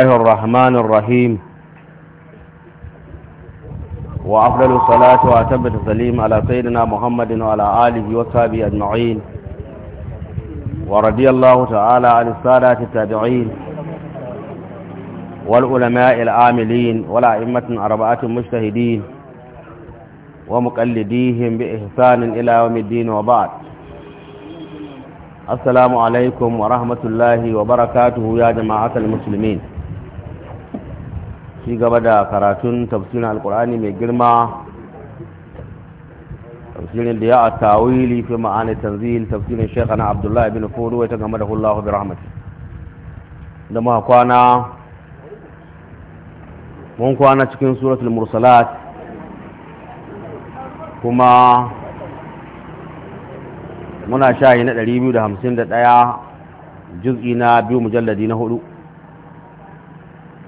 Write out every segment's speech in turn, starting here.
الله الرحمن الرحيم وأفضل الصلاة وأتم التسليم على سيدنا محمد وعلى آله وصحبه أجمعين ورضي الله تعالى عن السادة التابعين والعلماء العاملين والأئمة أربعة مجتهدين ومقلديهم بإحسان إلى يوم الدين وبعد السلام عليكم ورحمة الله وبركاته يا جماعة المسلمين ci gaba da karatun tafsirin alkur'ani mai girma tafsirin da ya a tawili fi ma'ani tanzil tafsirin shekha na abdullahi bin furu wata game da hullahu bi rahmati da muka kwana mun kwana cikin suratul mursalat kuma muna shayi na 251 juz'i na biyu mujalladi na hudu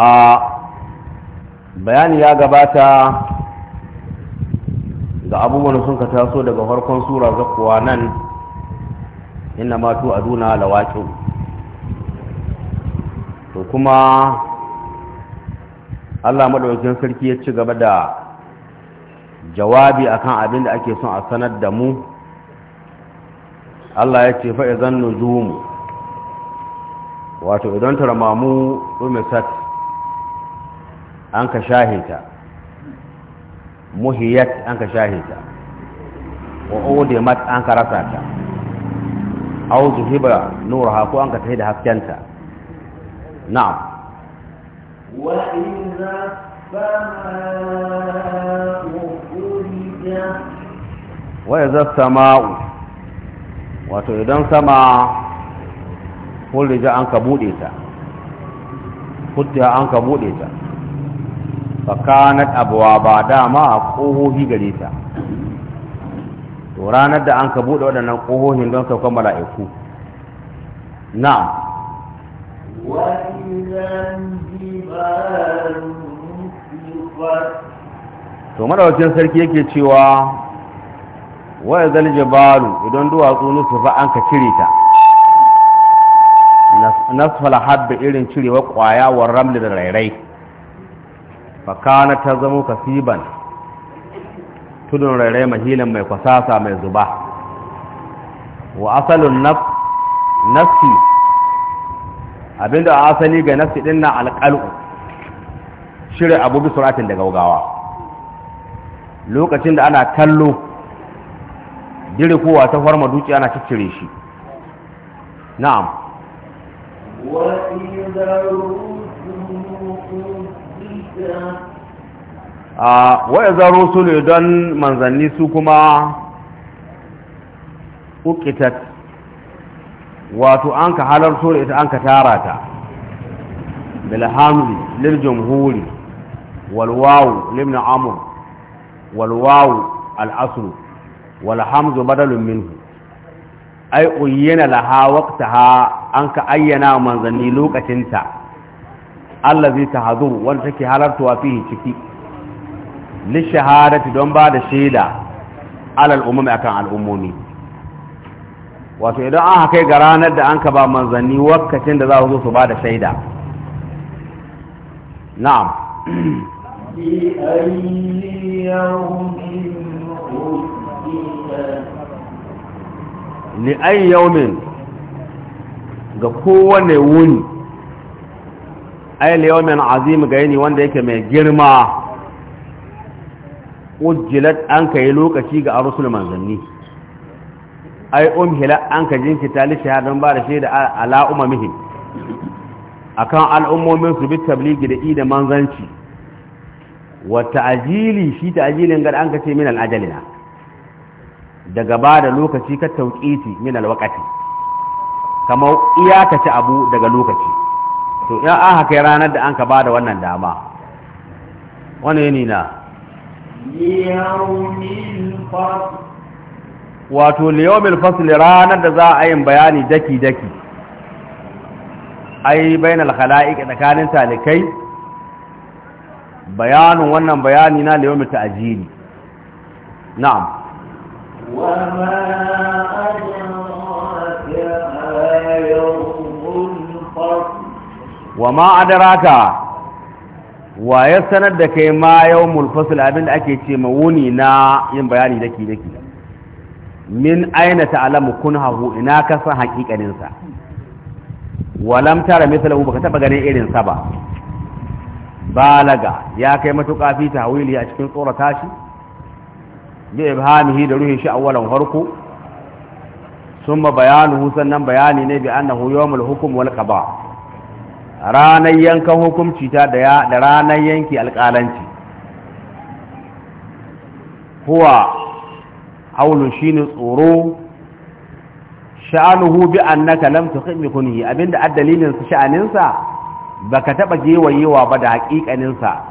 a bayani ya gabata ga abubuwan sun ka taso daga farkon sura zakuwa nan inna matu aduna lawaƙi to kuma allah maɗaukin sarki ya ci gaba da jawabi akan abin da ake son a sanar da mu allah ya ce fa'i zan nujumu wato idan tarmamu umisat an ka ta muhiyat an ka ta wa udimat an ka rasa ta aw zuhiba nuraha ko an ka tahi da haskenta na'am wa idza wa idza sama'u wato idan sama kullu ja an ka bude ta kutta an ka bude ta fakanat abuwa ba dama a ƙohohi gare ta to ranar da an ka buɗe waɗannan ƙohohin don saukan mala'iku na to madawacin sarki yake cewa waya zaljabalu idan duwatsu nusufa an ka cire ta nasfala haɗe irin cirewa ƙwaya wa ramli da rairai fakana ta zama kasiban tudun rairai mahilin mai kwasasa mai zuba wa asalin nafsi abinda a asali ga nafsi din na alƙal'u shirya abu bisuratin da gaugawa lokacin da ana kallo kowa ta farma dukiya ana ciccire shi na'am a wa'azar ne don manzanni su kuma ukitat wato an ka halar ita an ka tara ta bilhamzi lil jamhuri walwawu limna amur walwawu al'asru walhamzu badalun minhu ai uyyana laha waqtaha an ka ayyana manzanni lokacinta Allah zai ta hazuru wanda take halartuwa fihi ciki lishahadati don ba da shaida alal umumi akan al'ummomi wato idan an kai ga ranar da an ka ba manzanni wakacin da za su zo su ba da shaida na'am li ayyamin ga kowane wuni ay min azim ga yini wanda yake mai girma ujjilat an kai lokaci ga arusul manzanni ai umhila an ka jinki li shahadan ba da shaida ala umamihi akan al'ummomin su bi tabligi da ida manzanci wa ta'jili shi ta'jilin gar an ka ce min ajalina daga ba da lokaci ka tauqiti min al kamar abu daga lokaci to ya an haka ranar da an ka da wannan dama wani yini na wato liyomil Fasli, ranar da za a yin bayani daki-daki ai bainal khala'iq tsakanin talikai bayanin wannan bayani na liyomil ta'jili na'am wa ma ajra wa ma wa ya sanar da kai ma yau mulfasul abinda ake ce wuni na yin bayani daki daki min aina kun hahu, ina ka san hakikanin sa tara mithlahu baka taba ganin irin sa ba balaga ya kai matuƙa fi tawili a cikin tsorata shi bi ibhamihi da ruhin shi awwalan farko summa bayanuhu sannan bayani ne bi annahu yawmul hukm wal qada ranar yankan hukunci ta da ranar yanki alƙalanci huwa shi ne tsoro sha'anuhu bi annaka lam tuqim kunhi abinda addalilin su sha'anin sa baka taba gewayewa ba da hakikanin sa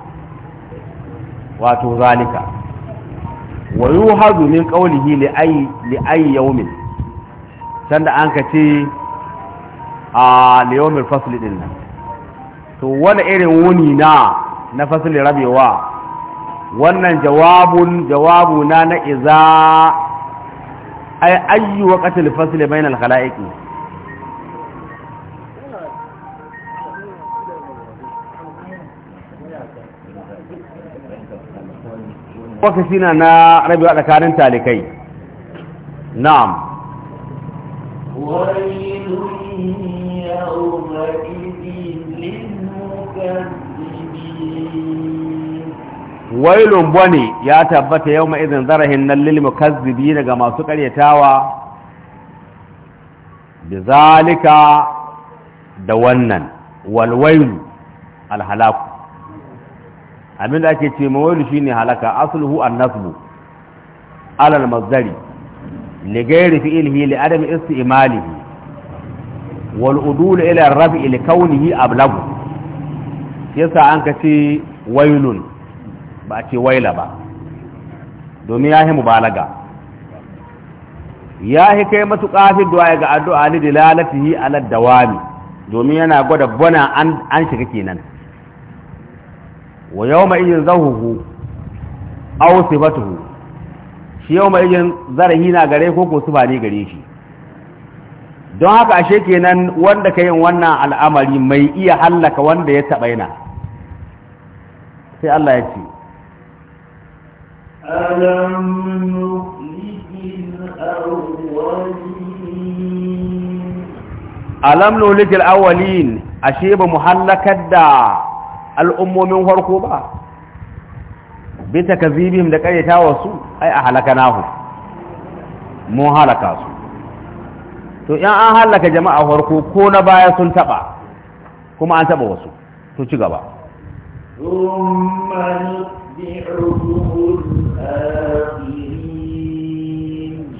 wato zalika wa yuhadu min qawlihi li ay li ay yawmin sanda an ka ce a li fasl din to wani irin wuni na na fasili rabewa wannan jawabun jawabu na na iza ay ayyu waqtil fasli bainal khalaiqi wakaci na na rabewa tsakanin talikai na'am wani yawon wailun bane ya tabbata yau izin zarahin nan lilmu kazzibi daga masu karyatawa bizalika da wannan walwailu alhalaku abinda ake ce mawailu shine halaka an annasbu alal mazari li fi ilhi li adam isti imalihi udul ila rafi li ablagu yasa an ka ce wailun ba a ce waila ba domin ya yi mubalaga ya yi kai matuƙa fi ya ga addu'a ni dilalatihi ala dawami domin yana gwada bana an shiga kenan wa yau mai yin zahuhu au sifatuhu shi yau mai yin zarahi na gare ko ko su ba ne gare shi don haka ashe kenan wanda ka yin wannan al'amari mai iya hallaka wanda ya taɓa yana sai Allah ya ce alam nulikil awwalin ashe ba mu hallakar da al'ummomin farko ba bi takazibihim da karyata wasu ai a halaka nahu mun halaka su to in an halaka jama'a farko ko na baya sun taba kuma an taba wasu to ci gaba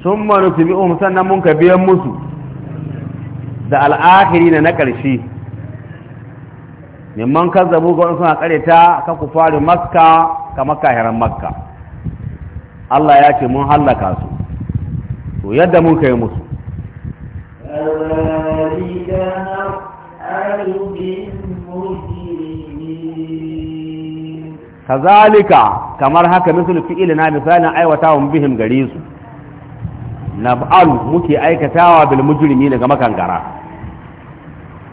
sun manufi bi'um sannan mun ka biyan musu da al'akiri na na ƙarshe neman kan zabu ga wani suna ƙareta ka ku fari maska kamar kahiran maka Allah ya ce mun hallaka su to yadda mun kai musu kazalika kamar haka misul fi'il na da sanan aiwatawum bihim garizu nab'al muke aikatawa bil daga makangara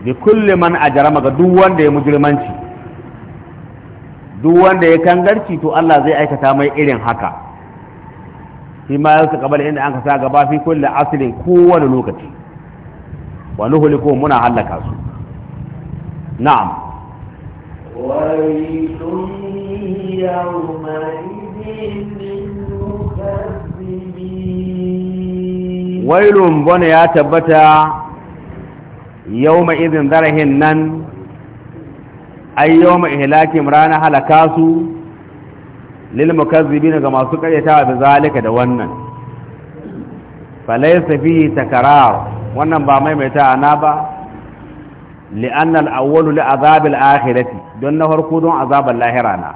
bi kulli man ajrama ga duk wanda ya mujrimanci duk wanda ya kangarci to Allah zai aikata mai irin haka shi ma yau ta inda an kasa gaba fi kulle aslin kowa da lokaci wa nuhliku muna halaka su na'am wailun bane ya tabbata yawma idin zarahin nan ay yawma ihlakim rana halaka su lil mukazzibin ga masu karyatawa da zalika da wannan falaysa fihi takrar wannan ba maimaita na ba li'annal awwalu li azabil akhirati don na farko don azabal lahira na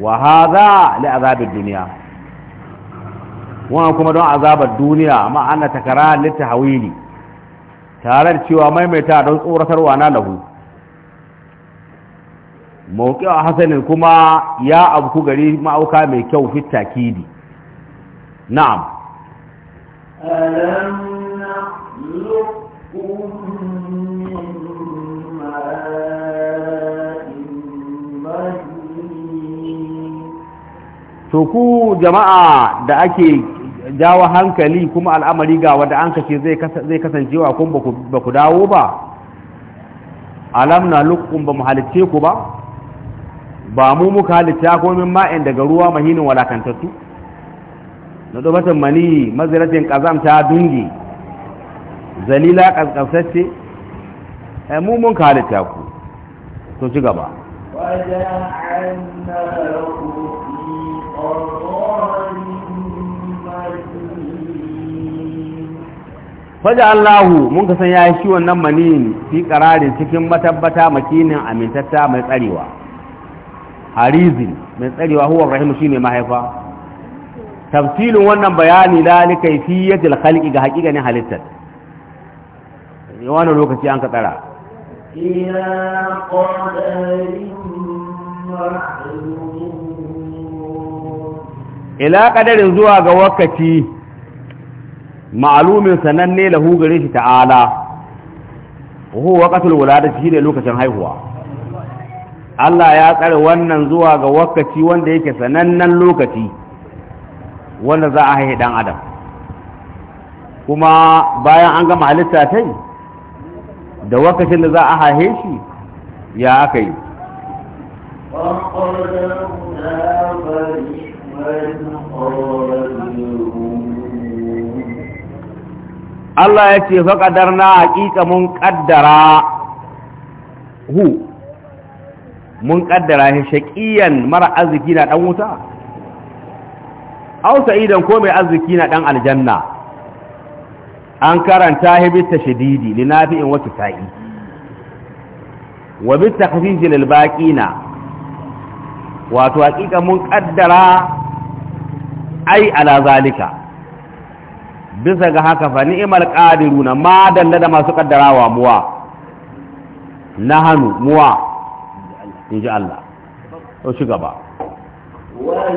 wa hadha li dunya wannan kuma don azabar duniya amma anna takara litahawili tare da cewa maimaita don tsoratarwa na lahu mawuƙi a hasanin kuma ya abu gari ma'auka mai kyau fitakidi na'am to ku jama'a da ake jawo hankali kuma al'amari ga wanda an kace zai kasancewa kun ba ku dawo ba alam na lukun ba mu halicce ku ba ba mu muka halice ko min ma'in daga ruwa mahinin walakantattu na dubatan mani maziratin kazam ta dungi zalila kaskasacce ai eh, mu mun ka halitta ku to ci gaba faja Allahu mun ka san ya shi wannan maniyin fi kararin cikin matabbata makinin amintatta mai tsarewa harizin mai tsarewa huwa shi ne mahaifa tafsilin wannan bayani la likayfiyatil khalqi ga haƙiƙanin halittar wani lokaci an ka tsara ila kadarin zuwa ga wakati ma'alumin sananne da gare shi ta'ala huwa da wuladati shine lokacin haihuwa Allah ya tsare wannan zuwa ga wakati wanda yake sanannen lokaci wanda za a haihu dan adam kuma bayan an gama halitta tai da wakashin da za a hahe shi ya aka yi Allah ya ce faƙadar na haƙiƙa mun ƙaddara hu mun ƙaddara shi shaƙiyan mara arziki na ɗan wuta? Au idan ko mai arziki na ɗan aljanna an karanta shididi li nafi'in wa kisa'i wa bit takhfif lil baqina wato hakika mun kaddara ai ala zalika bisa ga haka fa ni'mal qadiruna ma dalla da masu kaddarawa muwa nahanu muwa inji Allah to shi gaba wa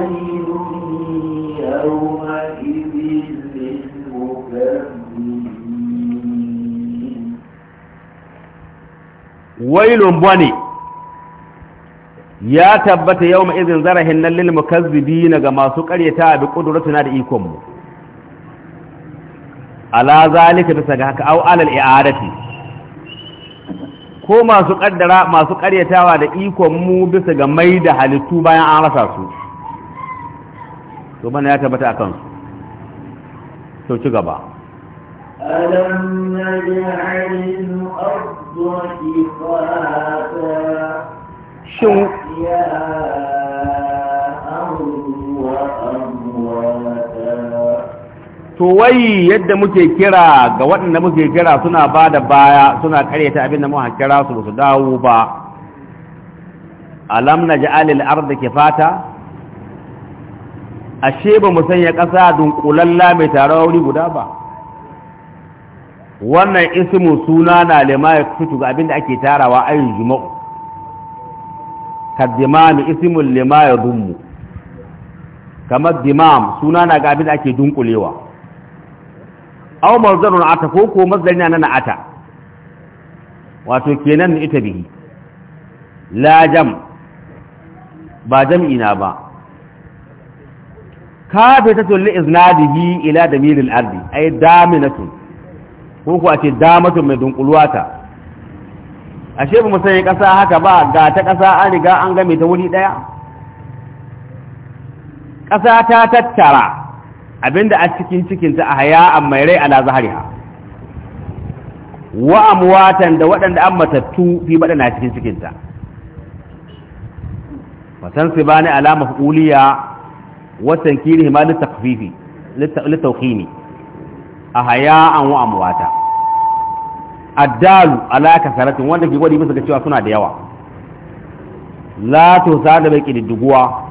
يومئذ للمكذبين wailun bane ya tabbata yau izin zarahin nan lil mukazzibi na ga masu karyata bi na da ikon mu ala zalika bisa ga haka au alal i'adati ko masu kaddara masu karyatawa da ikon mu bisa ga mai da halittu bayan an rasa su to bana ya tabbata akan su to ci gaba to wai yadda muke kira ga waɗanda muke kira suna ba da baya suna karyata abin da muka kira su su dawo ba alam na ja'alil arda kifata ashe ba mu sanya ƙasa dunkulalla mai tarawa wuri guda ba wannan ismu suna na lima ya fito ga abinda ake tarawa ayin juma'u kaddimami ismu lima ya dummu kamar dimam suna na ga abinda ake dunkulewa au mazdarun ata ko ko mazdari na na ata wato kenan ita bihi la jam ba jam'i na ba kafe ta tulli iznadihi ila damiril ardi ay daminatun ko ku a ce damatu mai dunkuluwa ta ashe ba mu sanya ƙasa haka ba ga ta ƙasa an riga an game ta wuri ɗaya ƙasa ta tattara abinda a cikin cikinta a haya mai rai ala zahariha wa amwatan da waɗanda an matattu fi na cikin cikinta watan su bani alama fuliya watan kiri ma ne. ahaya an wa amwata addalu ala kasaratin wanda ke gwadi musu ga cewa suna da yawa la to baki da duguwa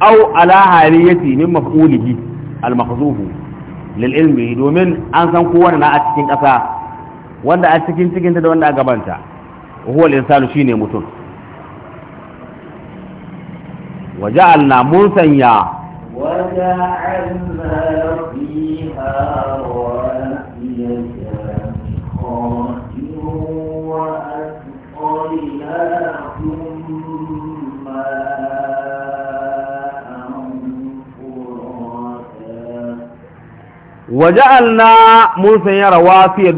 au ala haliyati min maf'ulihi al mahzufu lil ilmi domin an san kowanne na a cikin ƙasa wanda a cikin cikinta da wanda a gabanta huwa al insanu shine mutum wa ja'alna sanya وجعلنا فيها رواسي شامخات وأسقيناكم waja'alna mun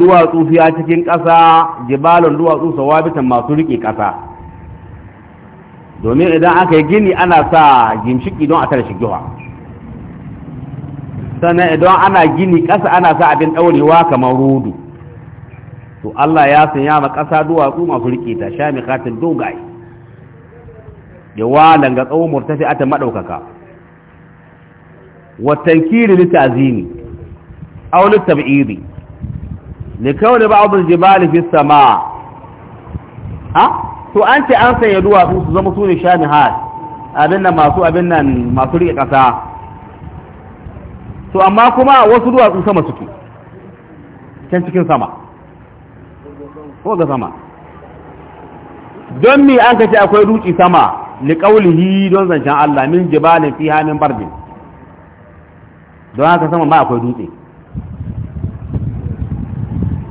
duwatsu fiya cikin ƙasa jibalon duwatsu sawabitan masu riƙe ƙasa domin idan aka yi gini ana sa gimshiki don a tare shigewa. sannan idan ana gini ƙasa ana sa abin ɗaurewa kamar rudu to Allah ya sanya ma ƙasa duwatsu masu riƙe ta sha mikatin dogaye ya wa ga tsawon murtafi ata maɗaukaka watan kiri li tazini aw li tab'idi li kawli ba'd al-jibal fi as-sama' ha to an ce an sanya duwatsu su zama su ne shamihat abin nan masu abin nan masu riƙe ƙasa to amma kuma wasu duwatsu sama suke can cikin sama ko ga sama don me an kace akwai duci sama liƙaulihi don zancen Allah min jibalin fi min bardin don haka sama ma akwai dutse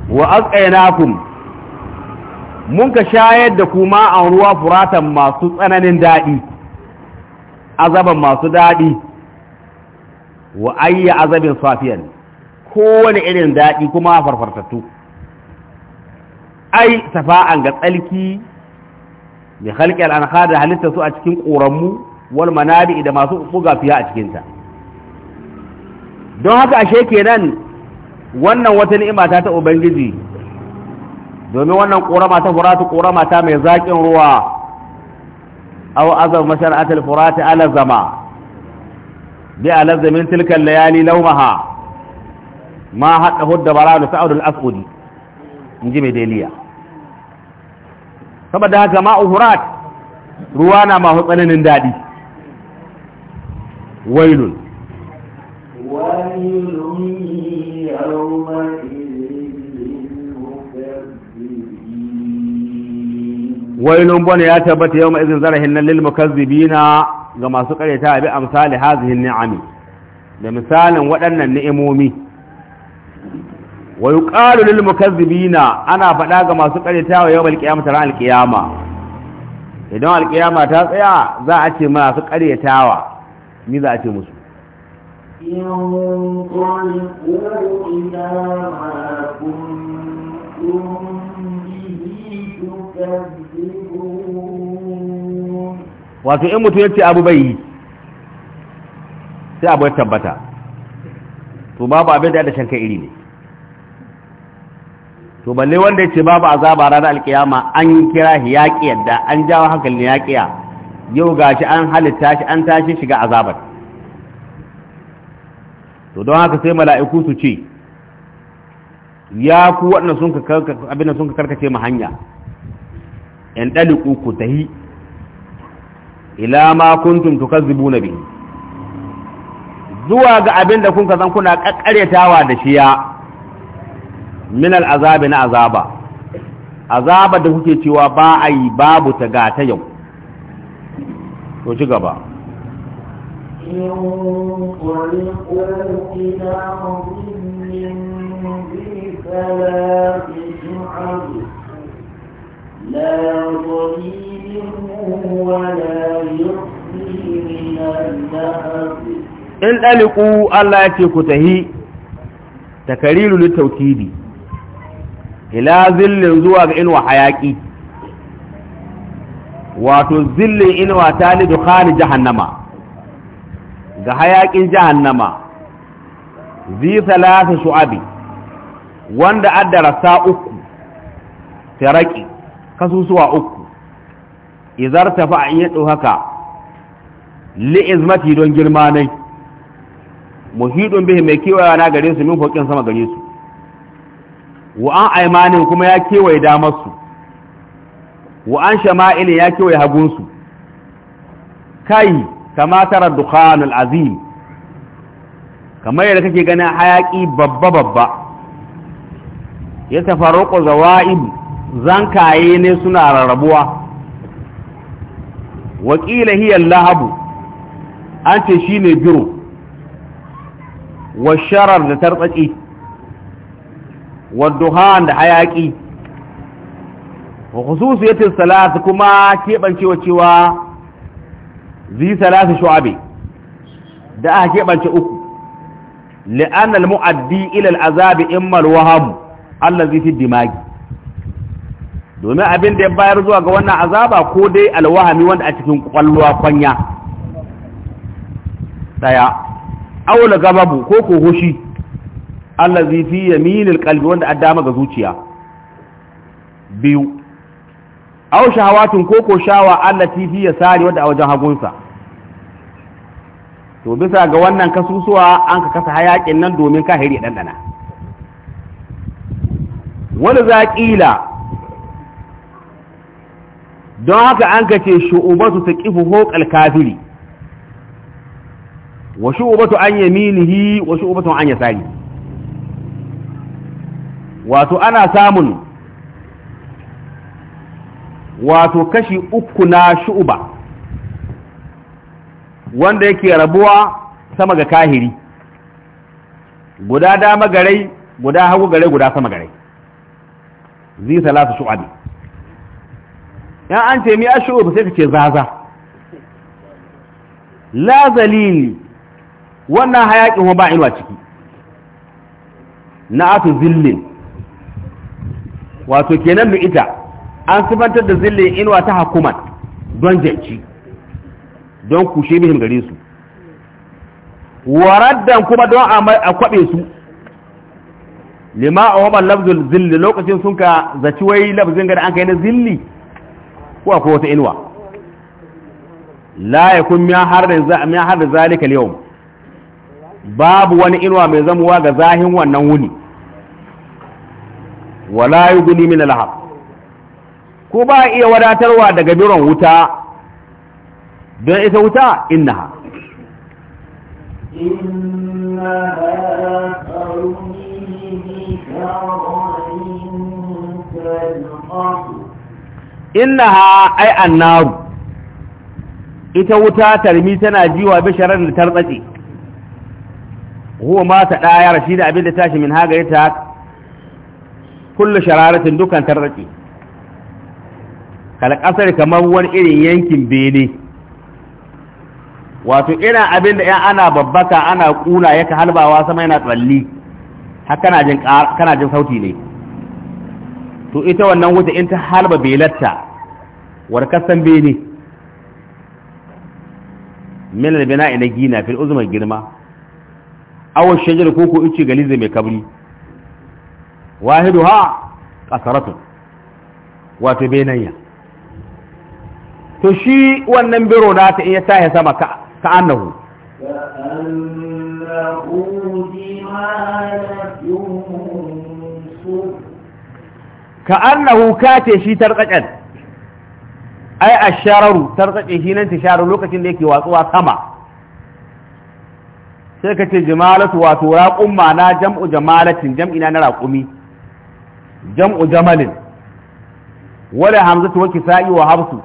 wa asqaynakum mun ka shayar da kuma an ruwa furatan masu tsananin daɗi azaban masu daɗi wa ayya azabin safiyan kowane irin daɗi kuma farfartattu ai safa'an ga tsalki bi khalqi al da halitta su a cikin ƙoranmu wal manabi da masu buga fiya a cikin ta don haka ashe kenan wannan wata ni'ima ta ta ubangiji domin wannan ƙorama ta furatu ƙorama ta mai zaƙin ruwa aw azab mashar'atul furati ala zama بألز من تلك الليالي لومها ما حتى هد براء لسعود الأسعود نجيب ديليا فبدها كما هرات روانا ما هو هطلن اندادي ويل ويل يومئذ للمكذبين ويل بني أتبت يومئذ زرهن للمكذبين ga masu a bi amsali hazihin ni'ami da misalin waɗannan ni'imomi wa yuqalu lil mukazzibina ana faɗa ga masu kareta wa yawmal ta ran alƙiyama idan alƙiyama ta tsaya za a ce masu karyatawa ni za a ce musu ينطلقوا wato in mutum ya ce abu bai yi sai abu ya tabbata to babu abin da ya shan kai iri ne to balle wanda ya ce babu azaba ranar alkiyama an kira shi ya yadda an jawo hankali ya kiya yau shi an halitta shi an tashi shiga azabar to don haka sai mala'iku su ce ya ku waɗanda sun ka abin sun karkace mu hanya in ɗaliku ku tahi ila ma kuntum tukazzibuna bihi zuwa ga abinda kun kun zan kuna kakkaretawa da shiya min al'azabi na azaba azaba da kuke cewa ba a yi babu ta ga ta yau to ci gaba لا ظليل in ɗaliku Allah ya ce ku tahi takariru littaukidi ila zillin zuwa ga inuwa hayaƙi wato zillin inuwa ta lidu khali jahannama ga hayaƙin jahannama zi salasa suabi wanda addara sa uku taraki kasusuwa uku izar tafi a yi haka li'izmati don girma nai muhidun bihi mai kewaye na gare su min fokin sama gare su wa an aimanin kuma ya kewaye damar su wa an shama'ilin ya kewaye hagun kai kama tara dukhanul azim kamar yadda kake ganin hayaki babba babba ya tafarruqu zawa'ib zankaye ne suna rarrabuwa wakila hiya lahabu an ce shi ne biro wa sharar da tartsaki wa duhan da hayaki wa khususiyatin salatu kuma keɓancewa cewa zai salatu shu'abi da aka keɓance uku li'an al-mu'addi ila al-azabi imma al-waham allazi fi dimagi domin abin da ya bayar zuwa ga wannan azaba ko dai alwahami wanda a cikin kwallowa kwanya daya aula gababu ko ko hushi allazi fi yaminil qalbi wanda addama ga zuciya biyu aw shahawatun ko ko shawa allati fi yasari wanda a wajen hagunsa to bisa ga wannan kasusuwa an ka kasa hayakin nan domin ka kahiri dandana wani zaƙila don haka an ka ce shu'ubatu ta ƙifu hokal kafiri wa shu'ubatu an yaminihi wa shu'ubatu an yasari wato ana samun wato kashi uku na shu'uba wanda yake rabuwa sama ga kahiri guda dama garai guda hagu garai guda sama garai zai salatu shu'abi yan an ce mi ashu ba sai ka ce zaza la zalili wannan hayaƙin wa ba inuwa ciki na atu zillin wato kenan mu ita an sifantar da zillin inuwa ta hakuman don janci don kushe mihim gare su waraddan kuma don a kwaɓe su lima a waban lafzin zilli lokacin sun ka zaci wai lafzin gada an kai na zilli ko akwai wata inuwa la yakun min harri har da zalika al babu wani inuwa mai zamuwa ga zahin wannan wuni wala yughni min lahab ko ba iya wadatarwa daga biron wuta don ita wuta innaha إنها ترميه ha ai annaru ita wuta tarmi tana jiwa bisharar da tarbatsi huwa ma ta daya rashi da abin da tashi min haga ita kullu shararatin dukan tarbatsi kal kasar kamar wani irin yankin bene wato ina abin da yan ana babbaka ana kuna yaka halbawa sama yana tsalli har kana jin kana jin sauti ne to ita wannan wuta in ta halba belatta warkasan bene min albina ina gina fil uzma girma aw shajar ko ice galize mai kabri wahiduha qasaratu wato benanya to shi wannan biro da ta iya tahe sama ka annahu annahu jimalatun ka annahu kace shi tarqaqan ai ashararu tarqaqi shi nan tisharu lokacin da yake watsuwa sama sai ka ce jamalatu wato raqum na jam'u jamalatin jam'i na raqumi jam'u jamalin wala hamzatu wa kisa'i wa habsu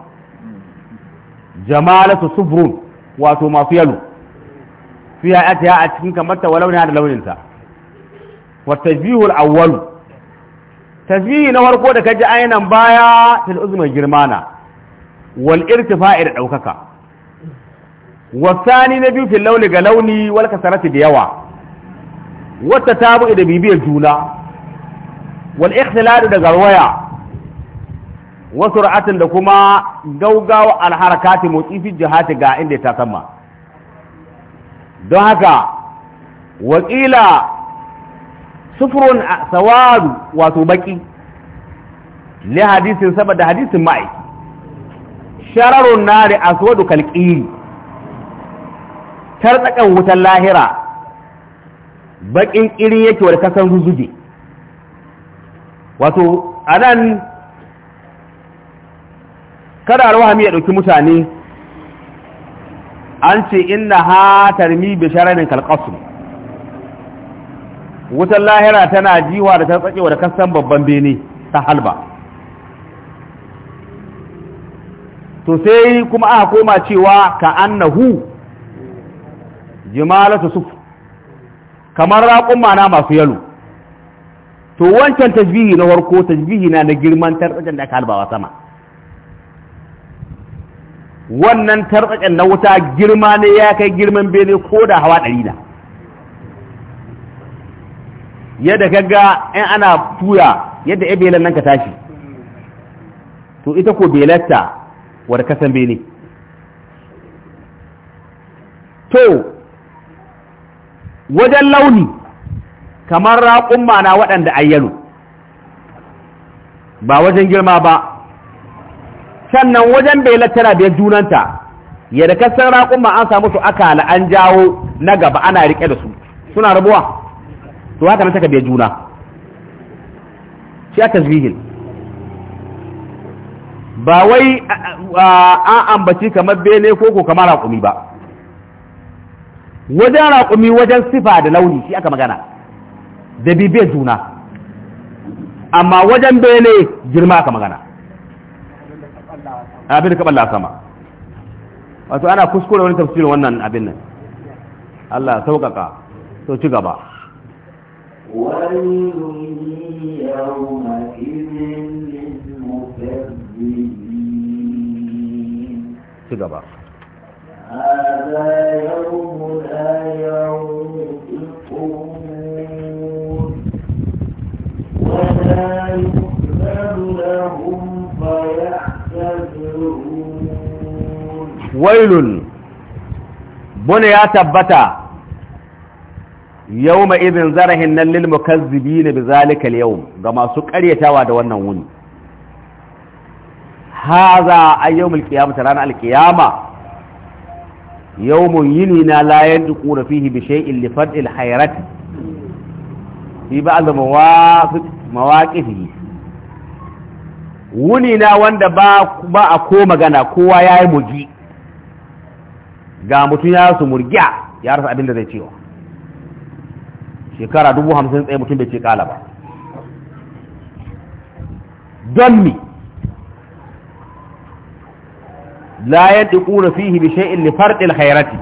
jamalatu sufrun wato masu yalo fiya atiya a cikin kamar ta walauna da launinta wa tajbihul awwalu tasbihi na farko da kaji ainihin baya ta uzmai girmana wal irtifa'i da daukaka wasani na biyu fil launi ga launi wal kasarati da yawa wata tabu da bibiyar juna wal ikhtiladu da garwaya wa sur'atin da kuma gaugawa al harakati motsi fi jihati ga inda ta sama don haka wakila sufurun sawadu wato baki li hadisin saboda hadisin ma'aiki shararun nari aswadu kalqiri tartsakan wutar lahira bakin kirin yake wadda kasan zuzuge wato a nan kada alwahami ya ɗauki mutane an ce ina ha tarmi bi shararin kalqasr wutar lahira tana jiwa da ta tsakewa da kasan babban bene ta halba to sai kuma aka koma cewa ka annahu jimalatu suf kamar raƙun mana masu yalo to wancan tajbihi na warko tajbihi na na girman tartsaken da aka halbawa sama wannan tartsaken na wuta girma ne ya kai girman bene ko da hawa ɗari na yadda kaga in ana tura yadda ya belan nan ka tashi to ita ko belatta wadda kasan bene to wajen launi kamar raƙun na waɗanda ayyano ba wajen girma ba sannan wajen belatta na biyar junanta yadda kasan raƙun an samu su aka an jawo na gaba ana riƙe da su suna rabuwa to haka nan saka bai juna shi aka tasbihin ba wai an ambaci kamar bene ko ko kamar raƙumi ba wajen raƙumi wajen sifa da launi shi aka magana da bibe juna amma wajen bene girma aka magana abin da kaɓalla sama wato ana kuskure wani tafsirin wannan abin nan Allah sauƙaƙa to ci gaba ويل للمكذبين كده بقى هذا يوم لا ينطقون ولا لهم فيعتذرون ويل بني يا yawma idin zarahin nan lil mukazzibin bi zalika al ga masu karyatawa da wannan wuni haza ayyumul qiyamah ranar al qiyamah yawmun yini na la yadqu fihi bi shay'in li fad'il hayrat fi ba'd mawaqif mawaqifihi wuni na wanda ba ba a ko magana kowa yayi mugi ga mutun ya su murgiya ya rasa abin da zai cewa shekara dubu hamsin tsaye mutum bai ce kala ba don mi la yadquna fihi bi shay'in li fardil khairati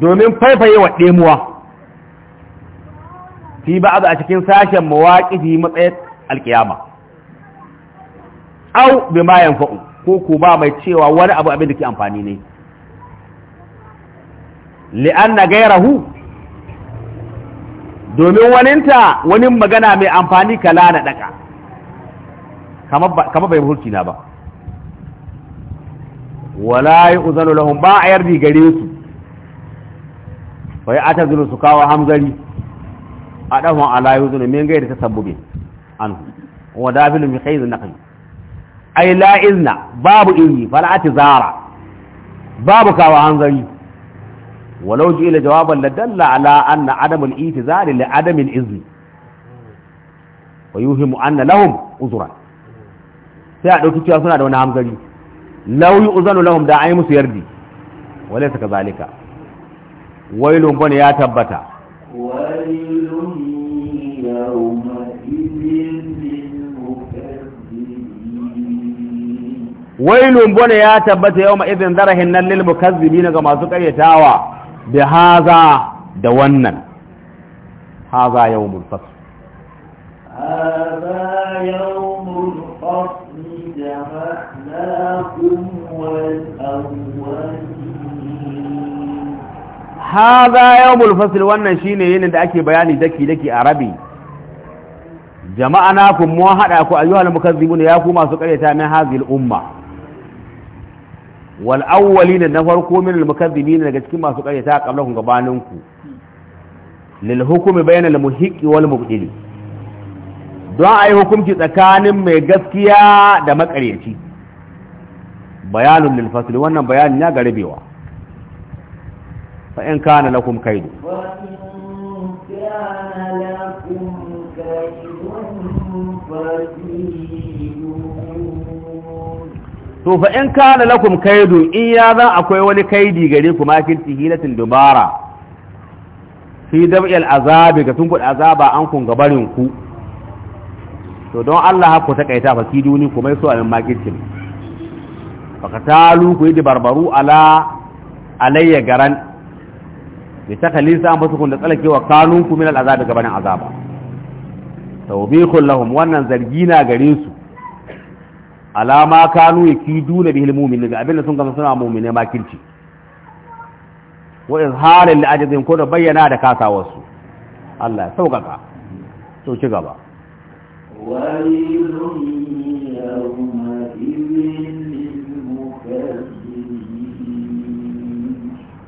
domin faifaye wa demuwa fi ba a cikin sashen mawaqidi matsayin alkiyama au bi ma yanfa'u ko ku ba mai cewa wani abu abin da ke amfani ne li'anna gairahu domin waninta wani magana mai amfani ka lana daka kama bai hulki na ba wala yi uzanu lahum ba a yardi gare su bai ata zuru su kawo hamzari a dahon ala yi min min da ta sabube an wa dafilu kai khaizu naqli ay la izna babu izni fala zara. babu kawo hanzari ولو جئنا جوابا لدل على ان عدم الاعتذار لعدم الاذن ويوهم ان لهم عذرا sai a ɗauki cewa suna da wani hamzari lauyi uzanu lahum da ai musu yardi wale ka zalika wailun ya tabbata wailun bane ya tabbata yau ma izin zarahin nan lil mukazzibi ga masu karyatawa bi haza da wannan haza yau mulfas. haza yawmul ni da na kumwal haza yau fasl wannan shine yinin da ake bayani daki daki a rabi jama'anakum mu hada ku ayyuhal mukazzibun ya ku masu karyata min hazil umma wal da na farko min al mukazzibin daga cikin masu karyata qablakum gabaninku lil hukmi bayna al muhiqqi wal mubdili don yi hukunci tsakanin mai gaskiya da maƙaryaci bayanun lil wannan bayanin ya garabewa fa in kana lakum kaidu kana lakum to fa in kana lakum kaidun in ya zan akwai wani kaidi gare ku makirci hilatin dubara fi dab'il azabi ga tun azaba an kun gabarin ku to don Allah ku takaita fa ki duni ku mai so amin makirci fa katalu ku yi barbaru ala alayya garan bi takalisa an basu kun da tsalake wa kanun ku min al azabi gabanin azaba tawbihul lahum wannan na gare su alama kanu ya duna bihil mu'minin ga abinda sun gama suna mu'mine makirci wa ko da bayyana da kasawarsu Allah ya sauƙaƙa to ci gaba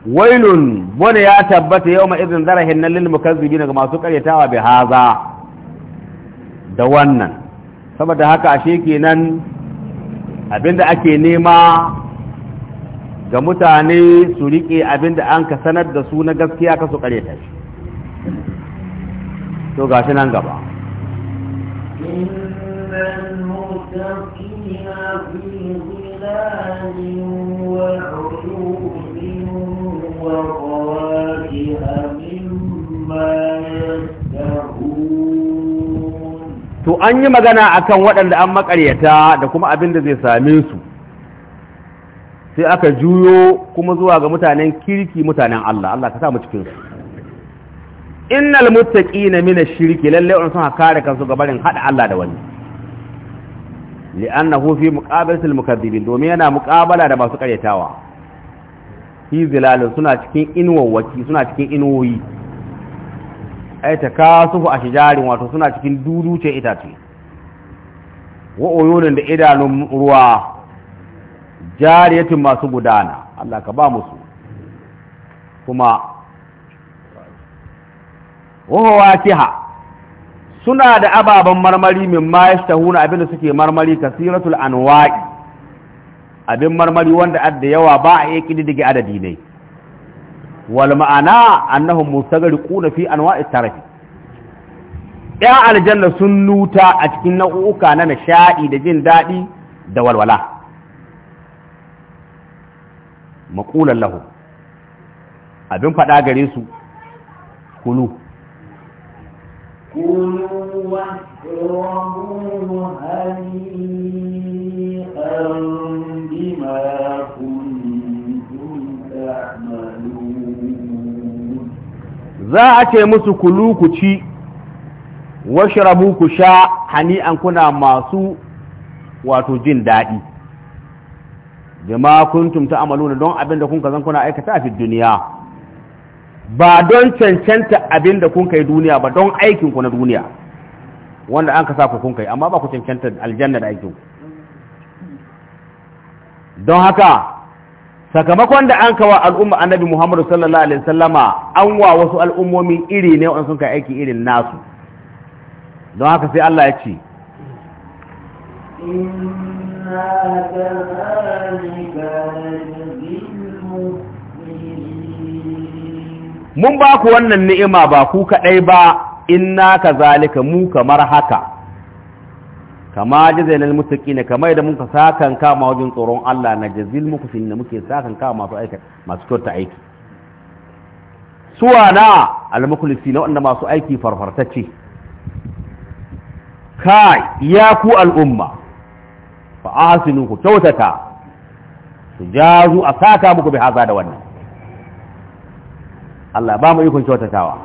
wailun wani ya tabbata yau ma'izin zarahin nan lilmukazzibi daga masu karyatawa bi haza da wannan saboda haka ashe kenan abinda ake nema ga mutane su riƙe abinda an ka sanar da su na gaskiya ka su ta shi to ga shi nan gaba وفواكه مما يشتهون to an yi magana a kan waɗanda an makaryata da kuma abin da zai same su sai aka juyo kuma zuwa ga mutanen kirki mutanen Allah Allah ka sa mu cikin su innal muttaqina min ash-shirki lalle on sun kare kansu ga barin hada Allah da wani li'annahu fi muqabalatil mukaththibin domin yana muqabala da masu karyatawa fi zilalun suna cikin inwawaki suna cikin inwoyi ai ta kasufu a shijarin wato suna cikin duduce itace wa oyunin da idanun ruwa jariyatin masu gudana Allah ka ba musu kuma wahowa kiha suna da ababen marmari min ma ya abinda suke marmari kasiratul anwa'i abin marmari wanda adda yawa ba a iya kididdige adadi ne wal ma'ana annahum mustagriquna fi anwa'i taraf ya aljanna sun a cikin nau'uka na nishadi da jin dadi da walwala maqulan lahu abin fada gare su kulu kulu wa rabbul hani'an bima kuntum za a ce musu kulu ku ci washrabu ku sha hani'an kuna masu wato jin daɗi kun kuntum amaluna don abin da kun zan kuna aikata a fi duniya ba don cancanta abin da kun kai duniya ba don aikin ku na duniya wanda an ka sa ku kun kai amma ba ku cancanta aljanna da aikin ku don haka sakamakon da an kawa al'umma annabi Muhammadu sallallahu alaihi wasallama an wa wasu al'ummomi iri ne wa'an sun kai aiki irin nasu don haka sai Allah ya ce mun ba ku wannan ni'ima ba ku kaɗai ba inna ka zalika mu kamar haka kama jazil al muttaqina kama idan muka sakan kama wajen tsoron Allah na jazil muku sinna muke sakan kama masu aika masu kyauta aiki suwa na al mukhlisi na wanda masu aiki farfartacce kai ya ku al'umma umma fa ahsinu ku su jazu a saka muku bi haza da wannan Allah ba mu ikon kyautatawa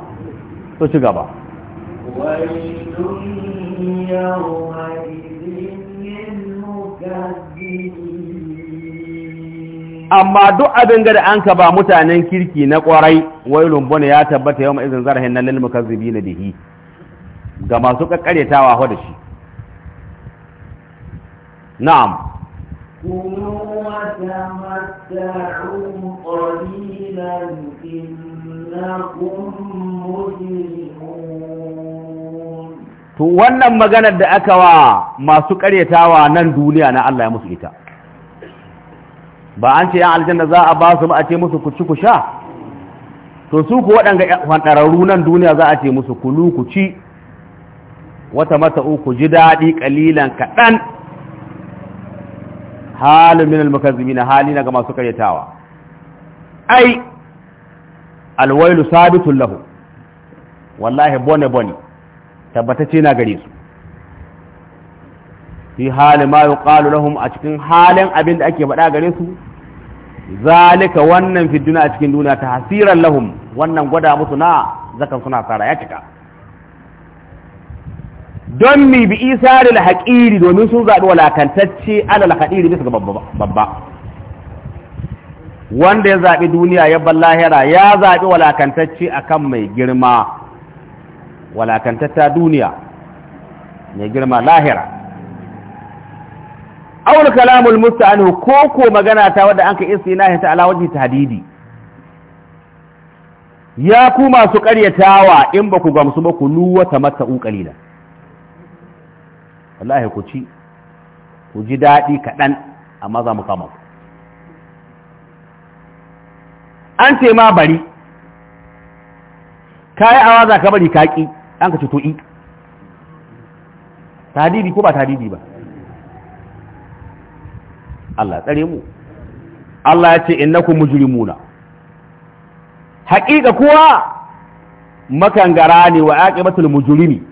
to ci gaba Amma duk abin gada an ka ba mutanen kirki na ƙwarai, wai lumbun ya tabbata yau ma'izin zarahin na lalmu ka zubi na dihi ga masu ƙaƙƙare ta waho da shi. Na'am. Kuma wata mata'un ƙorilan inna kun mutum to wannan maganar da aka wa masu karyatawa nan duniya na Allah ya musu ita ba an ce yan aljanna za a ba su a ce musu ku ci ku sha to su ku waɗanga fantararru nan duniya za a ce musu kulu ku ci wata mata uku ji daɗi kalilan kaɗan halin min na hali na ga masu karyatawa ai alwailu sabitun lahu wallahi bone bone tabbatacce na gare su fi hali ma ƙalu lahum a cikin halin abin da ake faɗa gare su zalika wannan fi a cikin duniya ta hasiran lahum wannan gwada musu na zakan suna tsara ya cika don mi bi isa da haƙiri domin sun zaɓi walakantacce alal haƙiri bisa ga babba wanda ya zaɓi duniya ya ban lahira ya zaɓi walakantacce akan mai girma walakantatta duniya mai girma lahira awul kalamul musta'anhu ko ko magana ta wadda an ka istinahi ta ala wajhi tahdidi ya ku masu karyatawa in ba ku gamsu ba ku nuwa ta mata ukalila wallahi ku ci ku ji daɗi kaɗan amma za mu kama ku an ce ma bari awa awaza ka bari kaƙi an ka ce to i tadidi ko ba tadidi ba Allah tsare mu Allah ya ce innakum mujrimuna haƙiƙa kuwa makangara ne wa aqibatul mujrimi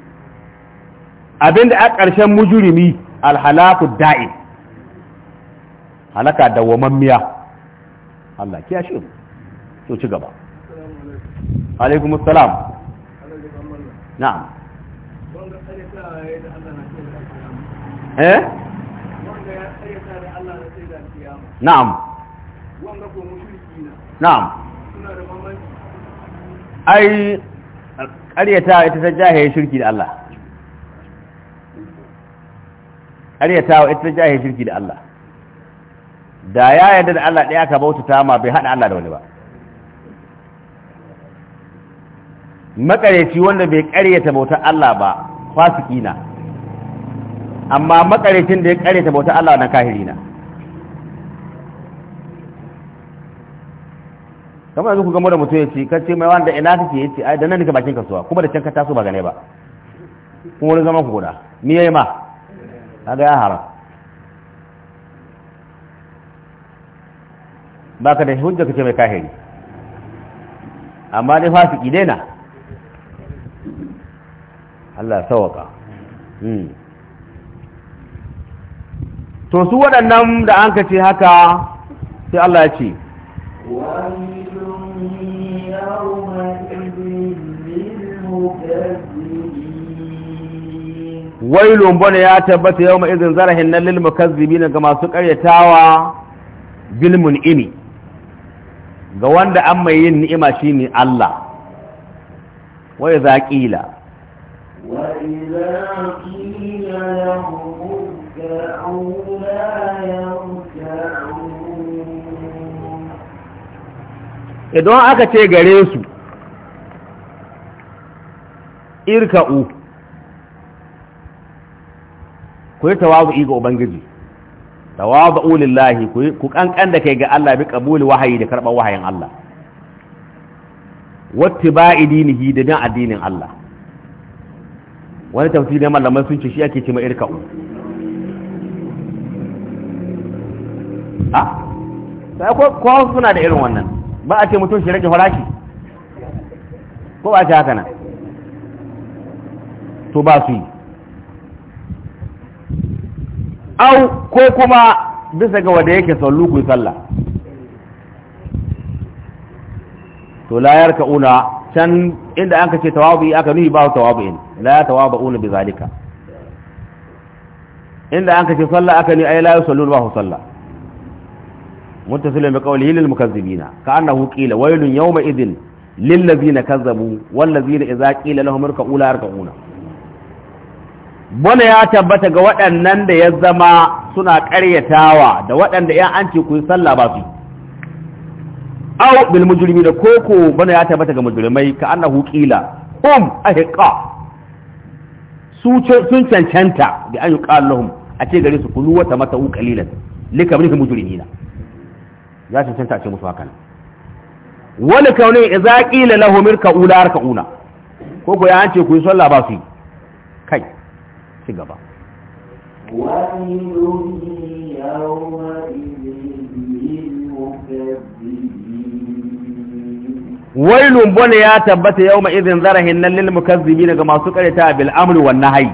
abinda a ƙarshen mujrimi alhalaku da'i halaka dawamammiya Allah kiyashe mu to ci gaba alaikum assalam na'am na'am na'am ai ƙaryata ita ta jahaye shirki da Allah ƙaryatawa ita ta jahaye shirki da Allah da ya yarda da Allah ɗaya ka bauta ta ma bai haɗa Allah da wani ba makareci wanda bai karyata bautar Allah ba fasiki na amma makarecin da ya karyata bautar Allah na kahiri na kamar yanzu ku gamo da mutum ya ce mai wanda ina kake yace ai da nan ka bakin kasuwa kuma da can ka taso ba gane ba kuma wani zaman ku guda ni yayi ma kaga ya haram baka da hujja kace mai kahiri amma dai fasiki dai na Allah sawaka hmm. to su waɗannan da an ka ce haka sai Allah ya ce wailun bane ya tabbata yau izin zarahin na lil mukazzibina ga masu karyatawa bilmun ini, ga wanda an mai yin ni'ima ne Allah Wai za ƙila Idan aka ce gare su, irka irka'u ku yi tawazu'i ga ubangiji tawazu'u lillahi ku kankan da kai ga Allah bi qabuli wahayi da karɓar wahayin Allah wata dinihi da bin addinin Allah wani tafsirin malaman sun ce shi ake cima irka irka'u a ah, sai ko suna da irin wannan ba a ce mutum shi rage farashi ko ba a ce haka nan to ba su yi au ko kuma bisa ga wanda yake sallu ku sallah to la una can inda an ce tawabi aka nuhi ba tawabi la tawabuuna bi zalika inda an ce sallah aka ni ay la yusallu ba sallah muttasilun bi qawlihi lil mukazzibina ka annahu qila waylun yawma idhin lil ladzina kazzabu wal ladzina idza qila lahum irka'u la yarka'una bone ya tabbata ga waɗannan da ya zama suna ƙaryatawa da waɗanda ya an ce ku yi sallah ba su yi aw bil mujrimina koko bana ya tabbata ga mujrimai ka annahu qila hum ahqa su sun cancanta bi an yuqal lahum a ce gare su kullu wata mata u qalilan lika bil mujrimina ya cancanta a ce musu hakan wani kaune idza qila lahum ular ka una koko ya an ce ku yi sallah ba su kai ci gaba ويل يومئذ للمكذبين wailun bone ya tabbata yau izin zarahin nan lil mukazzibi daga masu karyata bil amri wan nahyi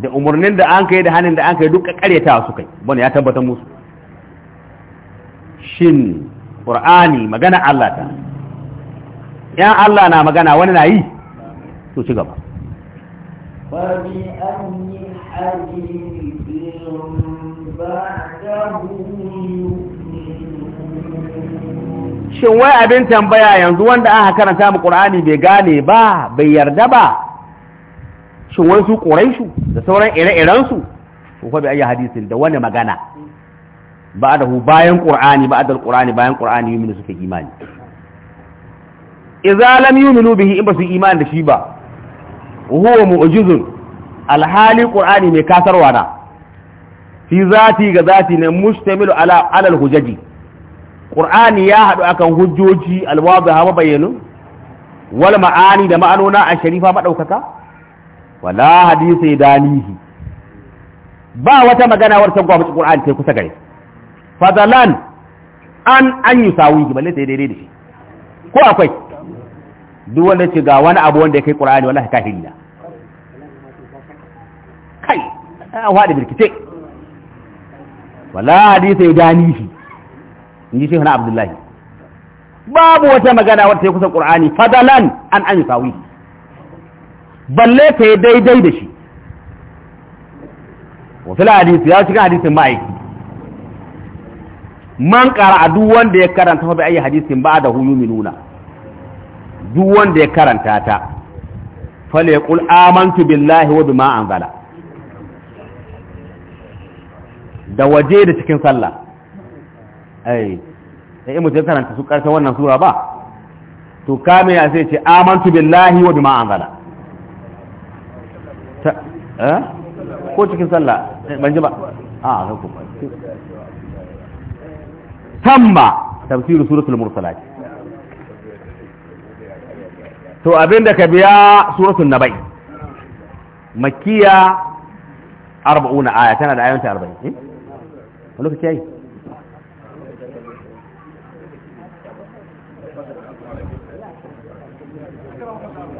da umarnin da an kai da hannun da an kai duka karyata su kai bone ya tabbata musu shin qur'ani magana Allah ta ya Allah na magana wani na yi to ci gaba fabi anni hadithin ba'dahu shin wai abin tambaya yanzu wanda aka karanta mu Qur'ani bai gane ba bai yarda ba shin wai su Quraishu da sauran ire-iren su ko fa bi ayi hadisin da wani magana ba hu bayan Qur'ani ba ba'dal Qur'ani bayan Qur'ani su suka imani idza lam yuminu bihi in ba su imani da shi ba huwa mu'jizun alhali Qur'ani mai kasarwa na fi zati ga zati ne mustamilu ala alal hujaji qur'ani ya haɗu akan hujjoji alwadaha mabayyanu wal ma'ani da ma'anona a sharifa madaukaka wala hadisi danihi ba wata magana wata gwamnati qur'ani sai kusa gare fadalan an an yusawi balle sai daidai da shi ko akwai duk wanda ce ga wani abu wanda ya kai qur'ani wallahi kafiri na kai an haɗa birkice wala hadisi danihi in ji shehu na abdullahi babu wata magana wata ya kusa qur'ani fadalan an an sawi balle ta yi daidai da shi wasu fil hadisi ya cikin hadisin ma'aiki man ƙara a duk wanda ya karanta fa bai ayi hadisin ba da huyu nuna duk wanda ya karanta ta fal yaqul amantu billahi wa bima anzala da waje da cikin sallah Eh, ai in mutum karanta su karshen wannan sura ba to kame ya sai ce amantu billahi wa bima anzala ta eh ko cikin sallah eh, ban ji ba ah, a ku tamma tafsir suratul mursalat to abinda ka biya suratul nabai makkiya 40 aya tana da ayanta 40 eh lokaci yayi